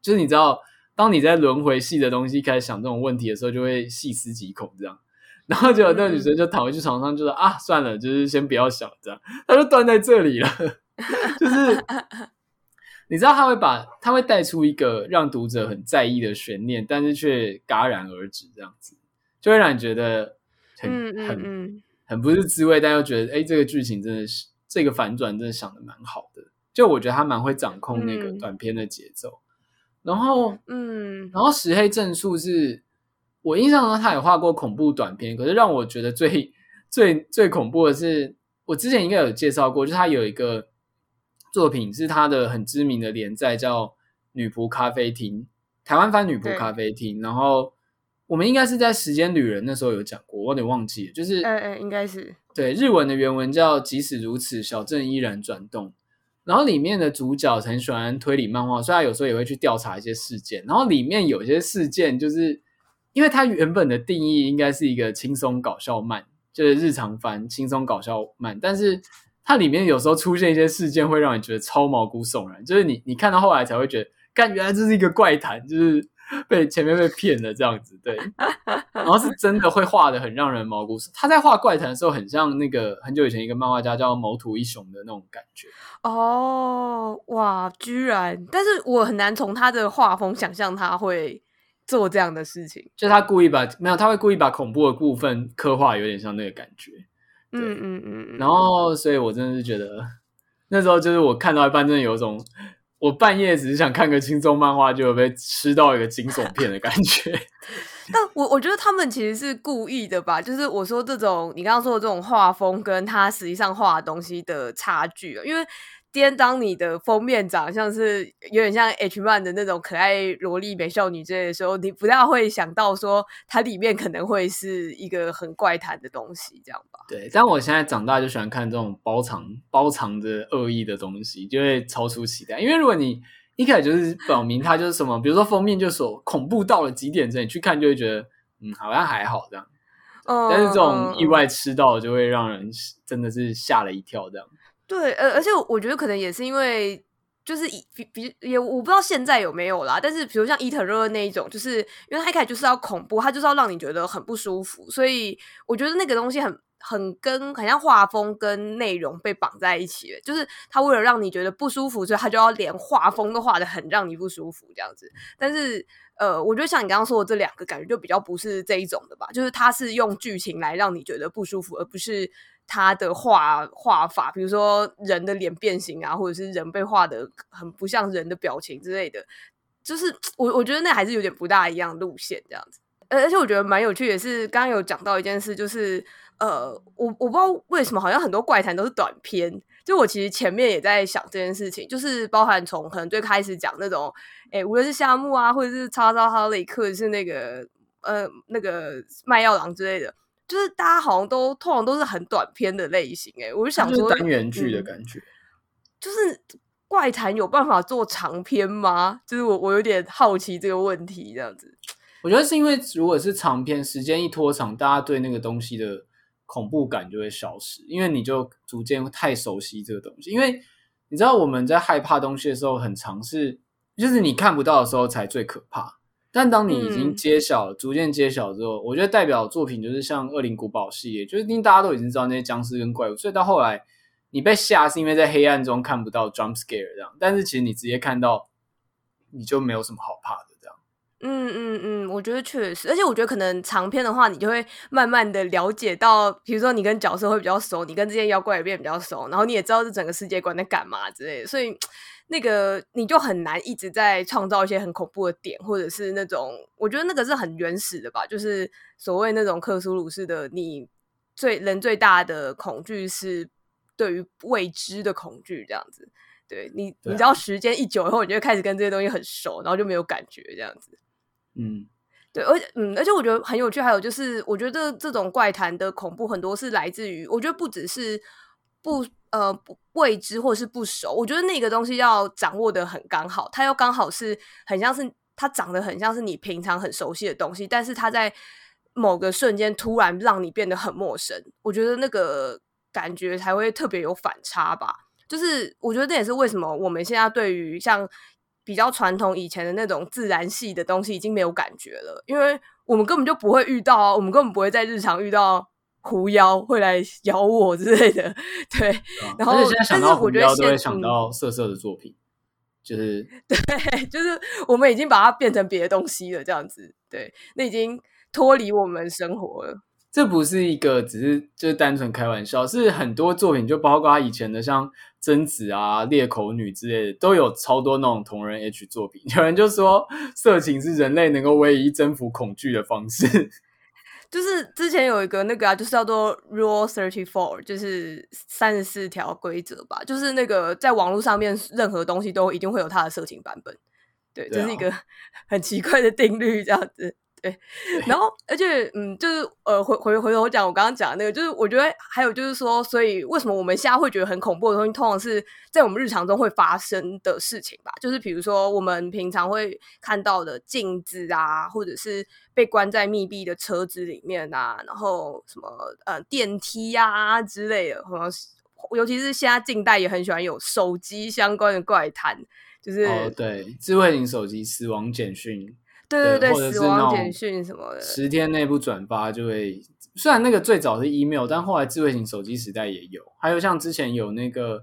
就是你知道，當你在輪迴系的東西開始想這種問題的時候，就會細思極恐這樣。然後結果那個女生就躺回去床上，就說啊，算了，就是先不要想這樣，他就斷在這裡了，就是。 你知道他會把他會帶出一個讓讀者很在意的懸念，但是卻戛然而止，這樣子就會讓你覺得很很很不是滋味，但又覺得誒，這個劇情真的是這個反轉真的想得蠻好的。就我覺得他蠻會掌控那個短片的節奏。嗯、然後，嗯，然後石黑正數是我印象中他也畫過恐怖短片，可是讓我覺得最最最恐怖的是，我之前應該有介紹過，就是、他有一個。作品是他的很知名的連載，叫《女僕咖啡廳》，台灣翻《女僕咖啡廳》對。然後，我們應該是在《時間旅人》的時候有講過，我有點忘記了，就是，呃哎、嗯嗯，應該是。對，日文的原文叫《即使如此，小鎮依然轉動》。然後裡面的主角很喜歡推理漫畫，所以他有時候也會去調查一些事件。然後裡面有一些事件，就是因為他原本的定義應該是一個輕鬆搞笑漫，就是日常番輕鬆搞笑漫，但是。它裡面有時候出現一些事件，會讓你覺得超毛骨悚然。就是你，你看到後來才會覺得，看原來這是一個怪談，就是被前面被騙了這樣子。對， 然後是真的會畫得很讓人毛骨悚然。他在畫怪談的時候，很像那個很久以前一個漫畫家叫毛圖一雄的那種感覺。哦，oh, 哇，居然！但是我很難從他的畫風想象他會做這樣的事情。就他故意把沒有，他會故意把恐怖的部分刻畫，有點像那個感覺。對嗯嗯嗯，然後，所以我真的是覺得那時候就是我看到一半，真的有一種我半夜只是想看個輕鬆漫畫，就被吃到一個驚悚片的感覺。 但我我覺得他們其實是故意的吧，就是我說這種你剛剛說的這種畫風，跟他實際上畫的東西的差距，因為。今天當你的封面長像是有點像 H 漫的那種可愛蘿莉美少女之類的時候，你不大會想到說它裡面可能會是一個很怪談的東西，這樣吧？對。但我現在長大就喜歡看這種包藏包藏着惡意的東西，就會超出期待。因為如果你一開始就是表明它就是什麼， 比如說封面就說恐怖到了極點之類，你去看就會覺得嗯好像還好這樣。哦、嗯。但是這種意外吃到就會讓人真的是嚇了一跳這樣。對，呃，而且我，我覺得可能也是因為，就是以比比也我不知道現在有沒有啦，但是比如像伊藤潤的那一種，就是因為他一開始就是要恐怖，他就是要讓你覺得很不舒服，所以我覺得那個東西很很跟，好像畫風跟內容被綁在一起，就是他為了讓你覺得不舒服，所以他就要連畫風都畫得很讓你不舒服這樣子。但是，呃，我覺得像你剛剛說的這兩個，感覺就比較不是這一種的吧，就是他是用劇情來讓你覺得不舒服，而不是。他的畫畫法，比如說人的臉變形啊，或者是人被畫的很不像人的表情之類的，就是我我覺得那還是有點不大一樣路線這樣子。而而且我覺得蠻有趣，也是剛剛有講到一件事，就是呃，我我不知道為什麼好像很多怪談都是短篇。就我其實前面也在想這件事情，就是包含從可能最開始講那種，哎，無論是夏目啊，或者是 XXX HOLIC，是那個呃那個賣藥郎之類的。就是大家好像都通常都是很短篇的類型。欸，哎，我就想說，就是單元劇的感覺。嗯、就是怪談有辦法做長篇嗎？就是我我有點好奇這個問題這樣子。我覺得是因為如果是長篇，時間一拖長，大家對那個東西的恐怖感就會消失，因為你就逐漸太熟悉這個東西。因為你知道我們在害怕東西的時候很，很常是就是你看不到的時候才最可怕。但當你已經揭曉，嗯、逐漸揭曉之後，我覺得代表作品就是像《惡靈古堡》系列，就是因為大家都已經知道那些僵屍跟怪物，所以到後來你被嚇是因為在黑暗中看不到 jump scare 這樣，但是其實你直接看到，你就沒有什麼好怕的這樣。嗯嗯嗯，我覺得確實，而且我覺得可能長篇的話，你就會慢慢的了解到，比如說你跟角色會比較熟，你跟這些妖怪也變得比較熟，然後你也知道這整個世界觀在幹嘛之類的，所以。那個你就很難一直在創造一些很恐怖的點，或者是那種我覺得那個是很原始的吧，就是所謂那種克蘇魯式的，你最人最大的恐懼是對於未知的恐懼，這樣子。對你，你知道時間一久以後，你就開始跟這些東西很熟，然後就沒有感覺這樣子。嗯，對，而且嗯，而且我覺得很有趣，還有就是我覺得這種怪談的恐怖很多是來自於，我覺得不只是不。呃，未知或者是不熟，我覺得那個東西要掌握得很剛好，它又剛好是很像是它長得很像是你平常很熟悉的東西，但是它在某個瞬間突然讓你變得很陌生，我覺得那個感覺才會特別有反差吧。就是我覺得那也是為什麼我們現在對於像比較傳統以前的那種自然系的東西已經沒有感覺了，因為我們根本就不會遇到啊，我們根本不會在日常遇到。狐妖會來咬我之類的，對。啊、然後現在想到狐妖，都會想到色色的作品，成就是對，就是我們已經把它變成別的東西了，這樣子，對，那已經脫離我們生活了。這不是一個只是就是單純開玩笑，是很多作品，就包括他以前的像貞子啊、裂口女之類的，都有超多那種同人 H 作品。有人就說，色情是人類能夠唯一征服恐懼的方式。就是之前有一個那個啊，就是叫做 Rule Thirty Four，就是三十四條規則吧。就是那個在網絡上面，任何東西都一定會有它的色情版本。對，對哦。這是一個很奇怪的定律，這樣子。對，對然後而且，嗯，就是呃，回回回頭我講，我剛剛講的那個，就是我覺得還有就是說，所以為什麼我們現在會覺得很恐怖的東西，通常是在我們日常中會發生的事情吧？就是比如說我們平常會看到的鏡子啊，或者是被關在密閉的車子裡面啊，然後什麼呃電梯呀、啊、之類的，尤其是現在近代也很喜歡有手機相關的怪談，就是、哦、對智慧型手機死亡簡訊。對對對，死亡簡訊什麼的，十天內不轉發就會。雖然那個最早是 email，但後來智慧型手機時代也有。還有像之前有那個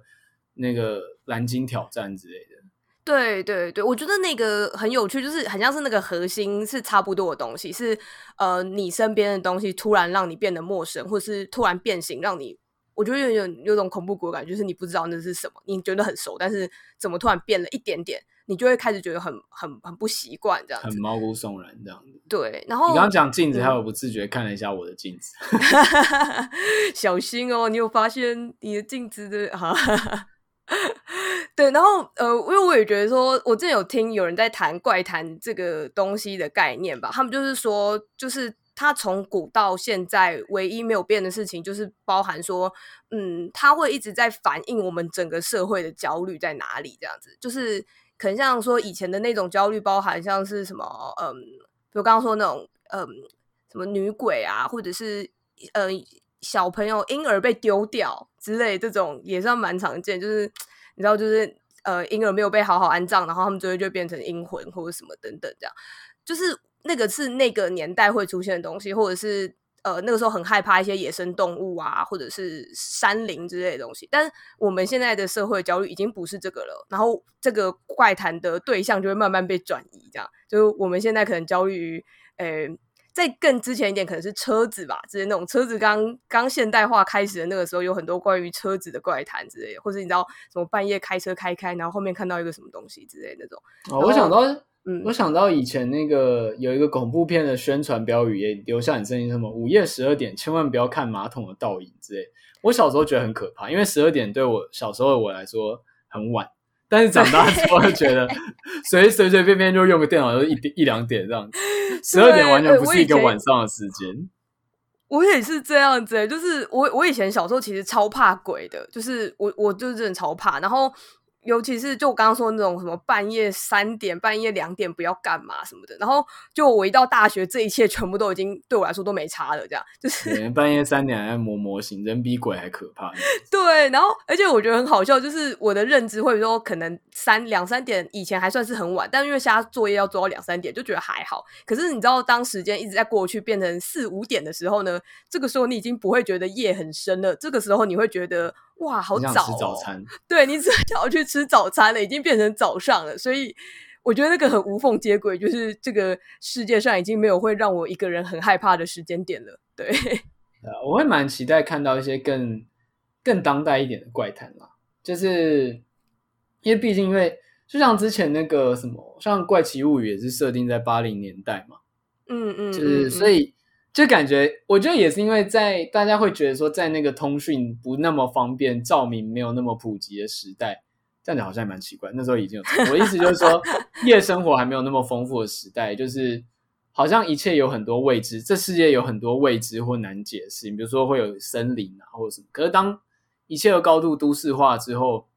那個藍鯨挑戰之類的。對對對，我覺得那個很有趣，就是很像是那個核心是差不多的東西，是呃你身邊的東西突然讓你變得陌生，或者是突然變形讓你，我覺得有有有種恐怖谷感，就是你不知道那是什麼，你覺得很熟，但是怎麼突然變了一點點。你就會開始覺得很很很不習慣，這樣子，很毛骨悚然這樣子。對，然後你剛剛講鏡子，嗯、還有不自覺看了一下我的鏡子， 小心哦！你有發現你的鏡子的？對， 對，然後呃，因為我也覺得說，我之前有聽有人在談怪談這個東西的概念吧。他們就是說，就是他從古到現在唯一沒有變的事情，就是包含說，嗯，他會一直在反映我們整個社會的焦慮在哪裡。這樣子，就是。很像說以前的那種焦慮，包含像是什麼，嗯，比如剛剛說那種，嗯，什麼女鬼啊，或者是，嗯、小朋友嬰兒被丟掉之類，這種也算蠻常見。就是你知道，就是呃，嬰兒沒有被好好安葬，然後他們最後就變成陰魂或者什麼等等，這樣，就是那個是那個年代會出現的東西，或者是。呃，那個時候很害怕一些野生動物啊，或者是山林之類的東西。但是我們現在的社會焦慮已經不是這個了，然後這個怪談的對象就會慢慢被轉移，這樣。就是我們現在可能焦慮於，誒、呃，在更之前一點可能是車子吧，就是那種車子剛剛現代化開始的那個時候，有很多關於車子的怪談之類的。或者你知道什麼半夜開車開開，然後後面看到一個什麼東西之類的那種。哦，然後，我想到。嗯、我想到以前那個有一個恐怖片的宣傳標語，也留下很深印象。什麼午夜十二點千萬不要看馬桶的倒影之類。我小時候覺得很可怕，因為十二點對我小時候的我來說很晚，但是長大之後就覺得隨隨隨便便就用個電腦就一一兩點這樣子，十二點完全不是一個晚上的時間。我也是這樣子，就是我我以前小時候其實超怕鬼的，就是我我就真的超怕，然後。尤其是就我剛剛說的那種什麼半夜三點、半夜兩點不要幹嘛什麼的，然後就我一到大學，這一切全部都已經對我來說都沒差了，這樣就是。半夜三點還在磨模型，人比鬼還可怕。 對，然後而且我覺得很好笑，就是我的認知會說，可能三兩三點以前還算是很晚，但因為其他作業要做到兩三點，就覺得還好。可是你知道，當時間一直在過去，變成四五點的時候呢？這個時候你已經不會覺得夜很深了，這個時候你會覺得。哇，好早哦！吃早餐。對，你只想要去吃早餐了，已經變成早上了。所以我覺得那個很無縫接軌，就是這個世界上已經沒有會讓我一個人很害怕的時間點了。對，呃，我會蠻期待看到一些更更當代一點的怪談啦。就是因為畢竟因為就像之前那個什麼，像《怪奇物語》也是設定在八零年代嘛，嗯嗯，嗯嗯就是所以。嗯就感覺，我覺得也是因為在，在大家會覺得說，在那個通訊不那麼方便、照明沒有那麼普及的時代，這樣子好像還蠻奇怪。那時候已經有，我的意思就是說， 夜生活還沒有那麼豐富的時代，就是好像一切有很多未知，這世界有很多未知或難解釋。你比如說會有森林啊，或者什麼。可是當一切都高度都市化之後，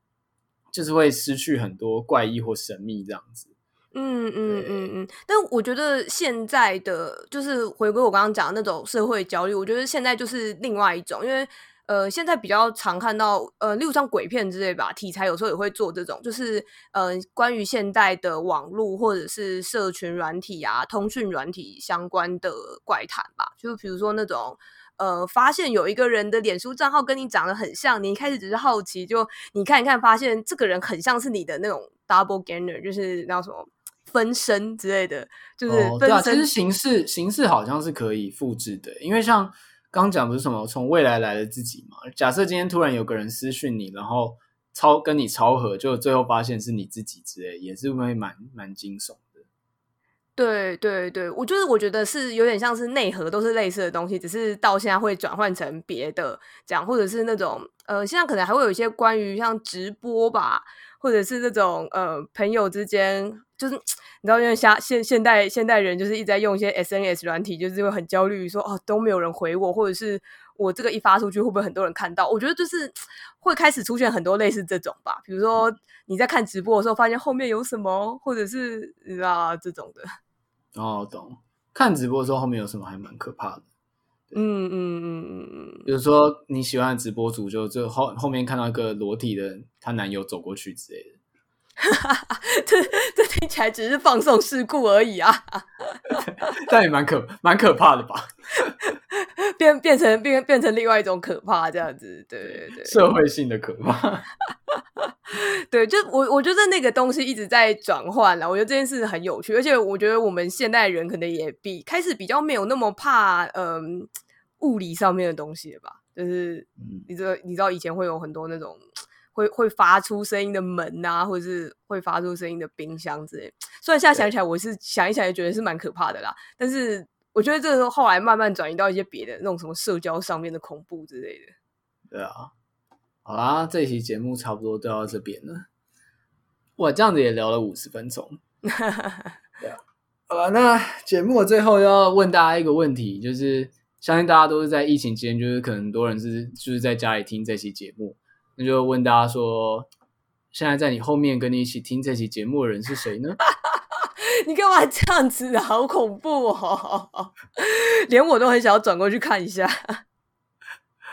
就是會失去很多怪異或神秘這樣子。嗯嗯嗯嗯，但我覺得現在的就是回歸我剛剛講的那種社會焦慮，我覺得現在就是另外一種，因為呃，現在比較常看到呃，例如像鬼片之類吧，題材有時候也會做這種，就是呃，關於現在的網絡或者是社群軟體啊、通訊軟體相關的怪談吧，就是比如說那種呃，發現有一個人的臉書賬號跟你長得很像，你一開始只是好奇，就你看一看，發現這個人很像是你的那種 double ganger 就是那什麼。分身之類的，就是分身、哦、對啊，其實形式形式好像是可以複製的，因為像剛剛講不是什麼從未來來的自己嘛？假設今天突然有個人私訊你，然後超跟你超合，就最後發現是你自己之類，也是會蠻蠻驚悚的。對對對，我就是我覺得是有點像是內核都是類似的東西，只是到現在會轉換成別的講，或者是那種呃，現在可能還會有一些關於像直播吧，或者是那種呃朋友之間。就是你知道，因為現現現代現代人就是一直在用一些 SNS 軟體，就是會很焦慮，說，哦都沒有人回我，或者是我這個一發出去會不會很多人看到？我覺得就是會開始出現很多類似這種吧，比如說你在看直播的時候發現後面有什麼，或者是啊這種的。哦，懂。看直播的時候後面有什麼還蠻可怕的。嗯嗯嗯嗯嗯。嗯比如說你喜歡的直播主就就後後面看到一個裸體的，她男友走過去之類的。 這這聽起來只是放送事故而已啊。 這蠻，但也蠻可蠻可怕的吧 變，變成變成變變成另外一種可怕這樣子，對對對，社會性的可怕。 對，就我我覺得那個東西一直在轉換了。我覺得這件事很有趣，而且我覺得我們現代人可能也比開始比較沒有那麼怕嗯、呃、物理上面的東西了吧。就是你知道你知道以前會有很多那種。會會發出聲音的門啊，或者是會發出聲音的冰箱之類的。雖然現在想起來，我是對想一想也覺得是蠻可怕的啦。但是我覺得這個時候後來慢慢轉移到一些別的那種什麼社交上面的恐怖之類的。對啊，好啦，這期節目差不多都到這邊了。我這樣子也聊了五十分鐘。哈哈、 啊、好了，那節目最後要問大家一個問題，就是相信大家都是在疫情間，就是可能很多人是就是在家裡聽這期節目。那就問大家說，現在在你後面跟你一起聽這期節目的人是誰呢？ 你幹嘛這樣子、啊？好恐怖哦！ 連我都很想要轉過去看一下。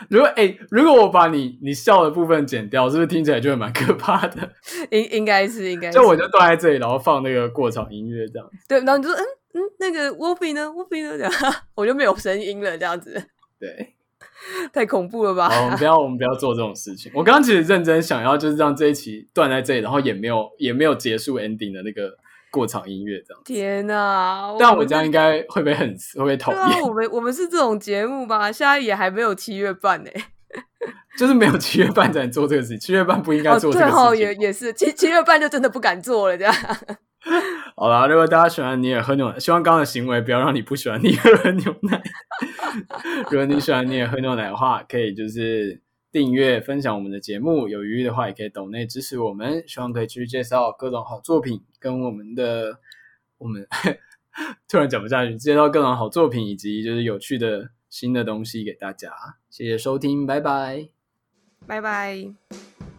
如果哎、欸，如果我把你你笑的部分剪掉，是不是聽起來就會蠻可怕的？應該應該是應該是。就我就坐在這裡，然後放那個過場音樂這樣。對，然後你就說嗯嗯，那個 Wubby 呢？Wubby 呢樣？我就沒有聲音了，這樣子。對。太恐怖了吧、哦！我們不要，我們不要做這種事情。 我剛剛其實認真想要，就是讓這一期斷在這裡，然後也沒有，也沒有結束 ending 的那個過場音樂這樣。天啊，我但我們這樣應該會不會很會不會討厭？因為我們我們是這種節目吧？現在也還沒有七月半呢、欸， 就是沒有七月半才能做這個事情，七月半不應該做這個事情、哦哦。也也是七七月半就真的不敢做了這樣。好啦，如果大家喜歡你也喝牛奶，希望剛剛的行為不要讓你不喜歡你也喝牛奶。 如果你喜歡你也喝牛奶的話，可以就是訂閱分享我們的節目，有餘力的話也可以抖內支持我們，希望可以繼續介紹各種好作品，跟我們的我們 突然講不下去，介紹各種好作品以及就是有趣的新的東西給大家，謝謝收聽，拜拜，拜拜。